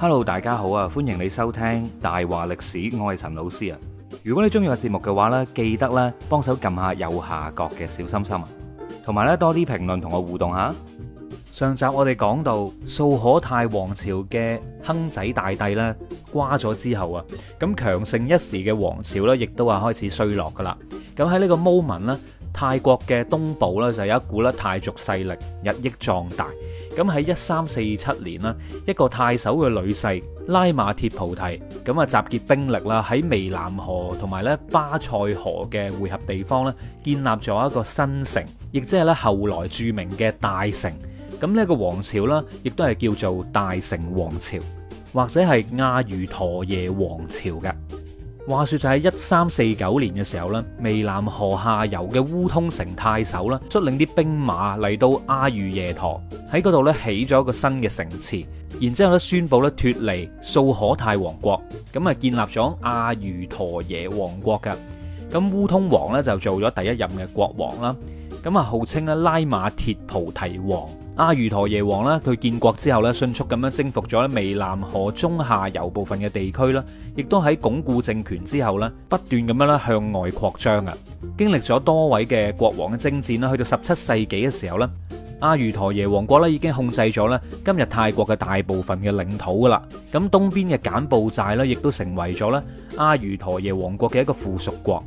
Hello，大家好啊！歡迎你收聽大話歷史，我係陳老師啊！如果你中意我節目嘅話呢，記得咧幫手撳下右下角嘅小心心啊，同埋呢多啲評論同我互動下。上集我哋講到素可泰王朝嘅亨仔大帝呢，瓜咗之後啊，咁強盛一時嘅王朝呢，亦都話開始衰落噶啦。咁喺呢個 moment 呢。泰國嘅東部咧就有一股咧泰族勢力日益壯大。咁喺一三四七年咧，一個太守嘅女婿拉馬鐵菩提咁啊集結兵力啦，喺湄南河同埋咧巴塞河嘅匯合地方咧建立咗一個新城，亦即係咧後來著名嘅大城。咁呢個王朝呢，亦都係叫做大城王朝，或者係阿瑜陀耶王朝嘅。話説就喺一三四九年嘅時候呢，湄南河下游嘅烏通城太守啦，率領啲兵馬嚟到阿瑜耶陀，喺嗰度咧起咗一個新嘅城池，然之後咧宣布咧脫離素可泰王國，咁啊建立咗阿瑜陀耶王國嘅，咁烏通王咧就做咗第一任嘅國王啦，咁啊號稱咧拉馬鐵菩提王。阿瑜陀耶王呢，佢建國之後呢，迅速咁樣征服咗湄南河中下游部分嘅地區啦，亦都喺鞏固政權之後呢，不斷咁樣咧向外擴張啊！經歷咗多位嘅國王嘅征戰啦，去到十七世紀嘅時候呢，阿瑜陀耶王國呢已經控制咗呢今日泰國嘅大部分嘅領土噶啦，咁東邊嘅柬埔寨呢，亦都成為咗呢阿瑜陀耶王國嘅一個附屬國。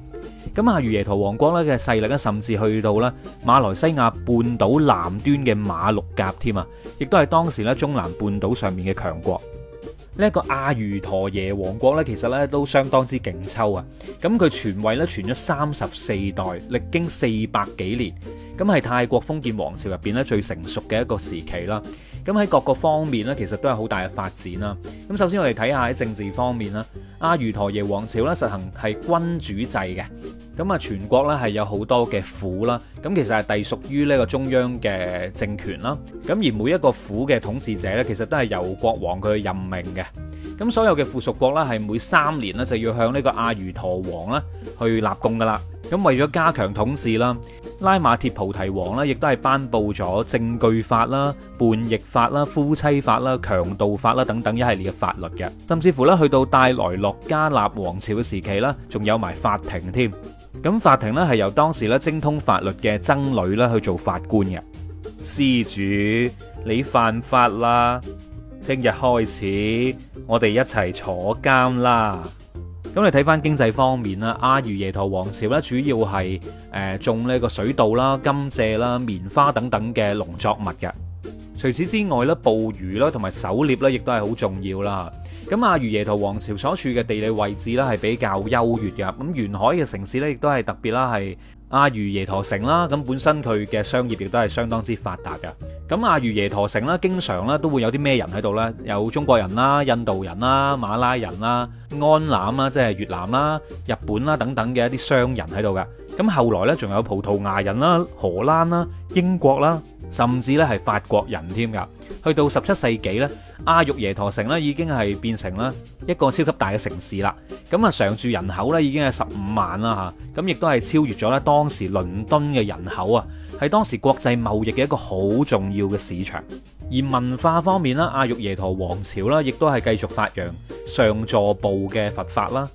咁阿瑜陀耶王國咧嘅勢力咧，甚至去到咧馬來西亞半島南端嘅馬六甲添啊，亦都係當時咧中南半島上面嘅強國。呢、這、一個阿瑜陀耶王國咧，其實咧都相當之勁抽啊！咁佢傳位咧傳咗三十四代，歷經四百幾年，咁係泰國封建王朝入邊咧最成熟嘅一個時期啦。咁喺各個方面咧，其實都係好大嘅發展啦。咁首先我哋睇下喺政治方面啦，阿瑜陀耶王朝咧實行係君主制嘅。咁啊，全國咧係有好多嘅府啦。咁其實係隸屬於呢個中央嘅政權啦。咁而每一個府嘅統治者呢，其實都係由國王佢任命嘅。咁所有嘅附屬國呢，係每三年呢就要向呢個阿瑜陀王呢去立功噶啦。咁為咗加強統治啦，拉馬鐵菩提王呢，亦都係頒佈咗證據法啦、叛逆法啦、夫妻法啦、強盜法啦等等一系列嘅法律嘅。甚至乎呢，去到戴萊洛加納王朝嘅時期呢，仲有埋法庭添。咁法庭咧，係由當時咧，精通法律嘅僧侶啦去做法官嘅。施主，你犯法啦，聽日開始我哋一齊坐監啦。咁你睇翻經濟方面啦，阿瑜耶陀王朝咧主要係誒、呃、種呢個水稻啦、甘蔗啦、棉花等等嘅農作物嘅。除此之外咧，捕魚啦同埋狩獵咧亦都係好重要啦。咁阿瑜耶陀王朝所處嘅地理位置咧係比較優越嘅，咁沿海嘅城市咧亦都係特別啦，係阿瑜耶陀城啦。咁本身佢嘅商業亦都係相當之發達嘅。咁阿瑜耶陀城啦，經常咧都會有啲咩人喺度呢？有中國人啦、印度人啦、馬拉人啦、安南啦，即係越南啦、日本啦等等嘅一啲商人喺度嘅。咁後來呢，仲有葡萄牙人啦、荷蘭啦、英國啦。甚至咧係法國人添㗎，去到十七世紀咧，阿育耶陀城咧已經係變成啦一個超級大嘅城市啦。咁啊，常住人口咧已經係十五萬啦嚇，咁亦都係超越咗咧當時倫敦嘅人口啊，係當時國際貿易嘅一個好重要嘅市場。而文化方面呢，阿育耶陀王朝呢，亦都係繼續發揚上座部嘅佛法啦。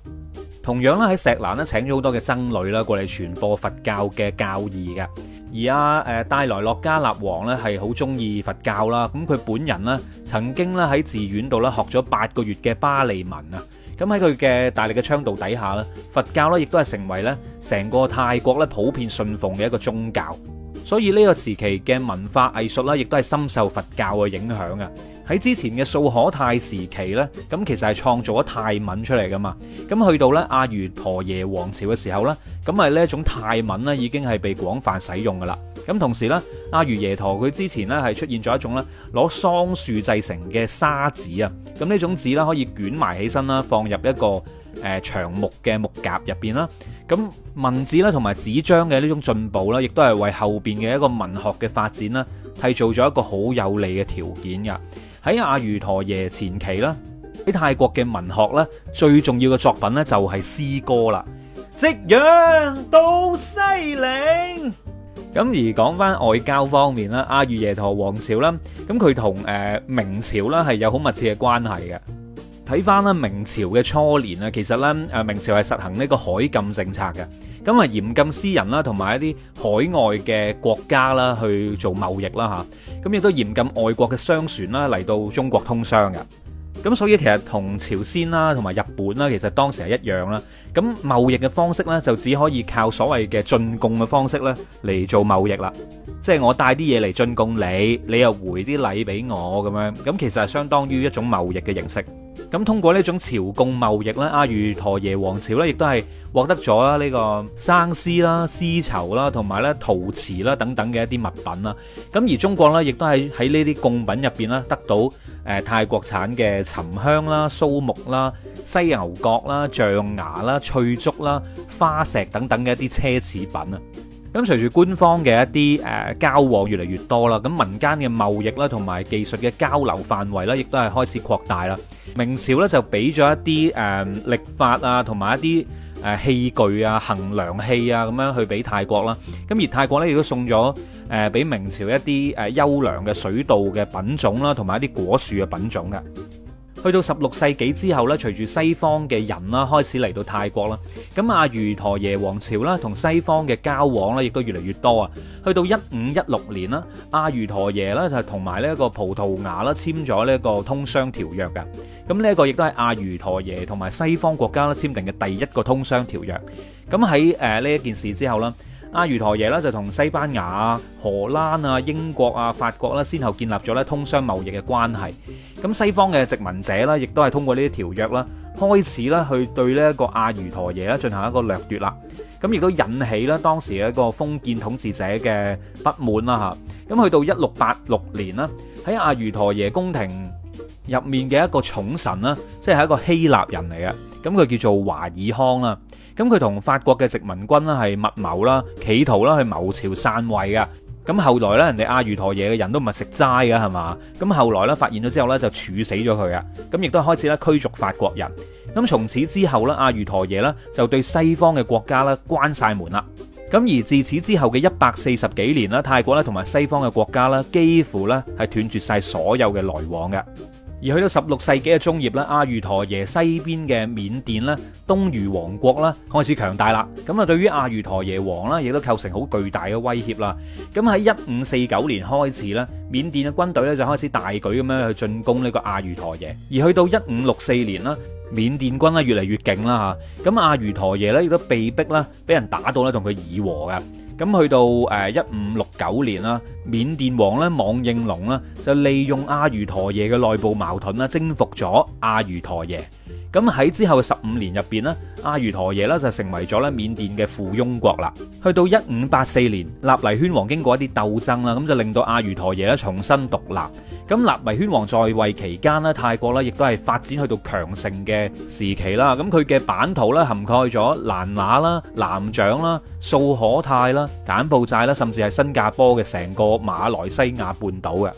同樣啦，喺石蘭錫蘭呢，請咗好多嘅僧侶啦過嚟傳播佛教嘅教義嘅。而阿誒戴萊洛加納王咧係好中意佛教啦，咁佢本人咧曾經咧喺寺院度咧學咗八個月嘅巴利文啊，咁喺佢嘅大力嘅倡導底下咧，佛教咧亦都係成為咧成個泰國咧普遍信奉嘅一個宗教。所以呢個時期嘅文化藝術呢，亦都係深受佛教嘅影響啊！喺之前嘅素可泰時期呢，咁其實係創造咗泰文出嚟噶嘛。咁去到呢阿瑜陀耶王朝嘅時候呢，咁係呢一種泰文呢已經係被廣泛使用噶啦。咁同時呢，阿瑜耶陀佢之前呢係出現咗一種呢攞桑樹製成嘅沙紙啊。咁呢種紙呢，可以捲埋起身啦，放入一個誒、呃、長木嘅木匣入邊啦。咁文字咧同埋紙張嘅呢種進步啦，亦都係為後邊嘅一個文學嘅發展啦，係做咗一個好有利嘅條件嘅。喺阿瑜陀耶前期啦，喺泰國嘅文學咧，最重要嘅作品咧就係詩歌啦。夕陽到西嶺。咁而講返外交方面啦，阿瑜陀耶王朝啦，咁佢同誒明朝啦係有好密切嘅關係嘅。睇翻啦，明朝嘅初年啊，其實咧，誒明朝係實行呢個海禁政策嘅，咁啊嚴禁私人啦，同埋一啲海外嘅國家啦去做貿易啦嚇。咁亦都嚴禁外國嘅商船啦嚟到中國通商㗎。咁所以其實同朝鮮啦，同埋日本啦，其實當時係一樣啦。咁貿易嘅方式咧，就只可以靠所謂嘅進貢嘅方式咧嚟做貿易啦，即係我帶啲嘢嚟進貢你，你又回啲禮俾我咁樣。咁其實係相當於一種貿易嘅形式。咁通過呢種朝貢貿易咧，阿瑜陀耶王朝咧，亦都係獲得咗啦呢個生絲啦、絲綢啦，同埋咧陶瓷啦等等嘅一啲物品啦。咁而中國咧，亦都係喺呢啲貢品入邊咧得到誒泰國產嘅沉香啦、蘇木啦、犀牛角啦、象牙啦、翠竹啦、花石等等嘅一啲奢侈品啊。咁隨住官方嘅一啲誒交往越嚟越多啦，咁民間嘅貿易啦同埋技術嘅交流範圍咧，亦都係開始擴大啦。明朝咧就俾咗一啲誒、呃、曆法啊，同埋一啲誒、呃、器具啊、衡量器啊咁樣去俾泰國啦。咁而泰國咧亦都送咗誒俾明朝一啲誒、呃、優良嘅水稻嘅品種啦，同埋一啲果樹嘅品種嘅。去到十六世紀之後咧，隨住西方嘅人啦開始嚟到泰國啦，咁阿瑜陀耶王朝啦同西方嘅交往咧亦都越嚟越多啊！去到一五一六年啦，阿瑜陀耶咧就係同埋呢一個葡萄牙啦簽咗呢一個通商條約嘅，咁呢一個亦都係阿瑜陀耶同埋西方國家咧簽訂嘅第一個通商條約。咁喺誒呢一件事之後咧。阿瑜陀耶咧就同西班牙、荷蘭啊、英國啊、法國呢，先後建立咗咧通商貿易嘅關係。咁西方嘅殖民者呢，亦都係通過呢啲條約啦，開始咧去對呢一個阿瑜陀耶咧進行一個掠奪啦。咁亦都引起咧當時嘅一個封建統治者嘅不滿啦吓，咁去到一六八六年啦，喺阿瑜陀耶宮廷入面嘅一個重臣啦，即係一個希臘人嚟嘅，咁佢叫做華爾康啦。咁佢同法國嘅殖民軍啦係密謀啦，企圖啦去謀朝篡位嘅。咁後來呢，人哋阿瑜陀耶嘅人都唔係食齋嘅係嘛。咁後來呢，發現咗之後呢，就處死咗佢啊。咁亦都開始咧驅逐法國人。咁從此之後呢，阿瑜陀耶呢就對西方嘅國家咧關晒門啦。咁而自此之後嘅一百四十幾年啦，泰國咧同埋西方嘅國家啦，幾乎咧係斷絕晒所有嘅來往嘅。而去到十六世紀嘅中葉咧，阿瑜陀耶西邊嘅緬甸咧，東吁王國啦，開始強大啦。咁啊，對於阿瑜陀耶王啦，亦都構成好巨大嘅威脅啦。咁喺一五四九年開始咧，緬甸嘅軍隊咧就開始大舉咁樣去進攻呢個阿瑜陀耶。而去到一五六四年啦，緬甸軍咧越嚟越勁啦嚇，咁阿瑜陀耶咧亦都被逼啦，俾人打到咧同佢議和嘅。咁去到誒一五六九年啦，緬甸王咧莽應龍呢，就利用阿瑜陀耶嘅內部矛盾啦，征服咗阿瑜陀耶。咁喺之後嘅十五年入邊呢，阿瑜陀耶呢，就成為咗咧緬甸嘅附庸國啦。去到一五八四年，納黎宣王經過一啲鬥爭啦，咁就令到阿瑜陀耶咧重新獨立。咁納迷宣王在位期間咧，泰國咧亦都係發展去到強盛嘅時期啦。咁佢嘅版圖咧涵蓋咗蘭拿啦、南掌啦、素可泰啦、柬埔寨啦，甚至係新加坡嘅成個馬來西亞半島嘅。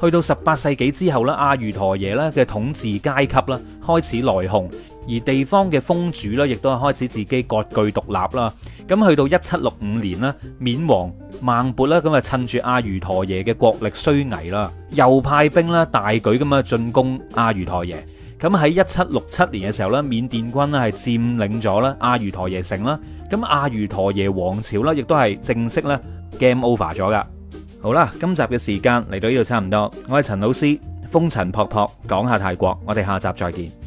去到十八世紀之後咧，阿瑜陀耶咧嘅統治階級咧開始內鬨，而地方嘅封主咧亦都係開始自己割據獨立啦。咁去到一七六五年咧，緬王孟勃啦，咁啊趁住阿瑜陀耶嘅國力衰危啦，又派兵啦，大舉咁啊進攻阿瑜陀耶。咁喺一七六七年嘅時候呢，緬甸軍咧係佔領咗啦阿瑜陀耶城啦。咁阿瑜陀耶王朝呢，亦都係正式咧 game over 咗噶。好啦，今集嘅時間嚟到呢度差唔多，我係陳老師，風塵僕僕講下泰國，我哋下集再見。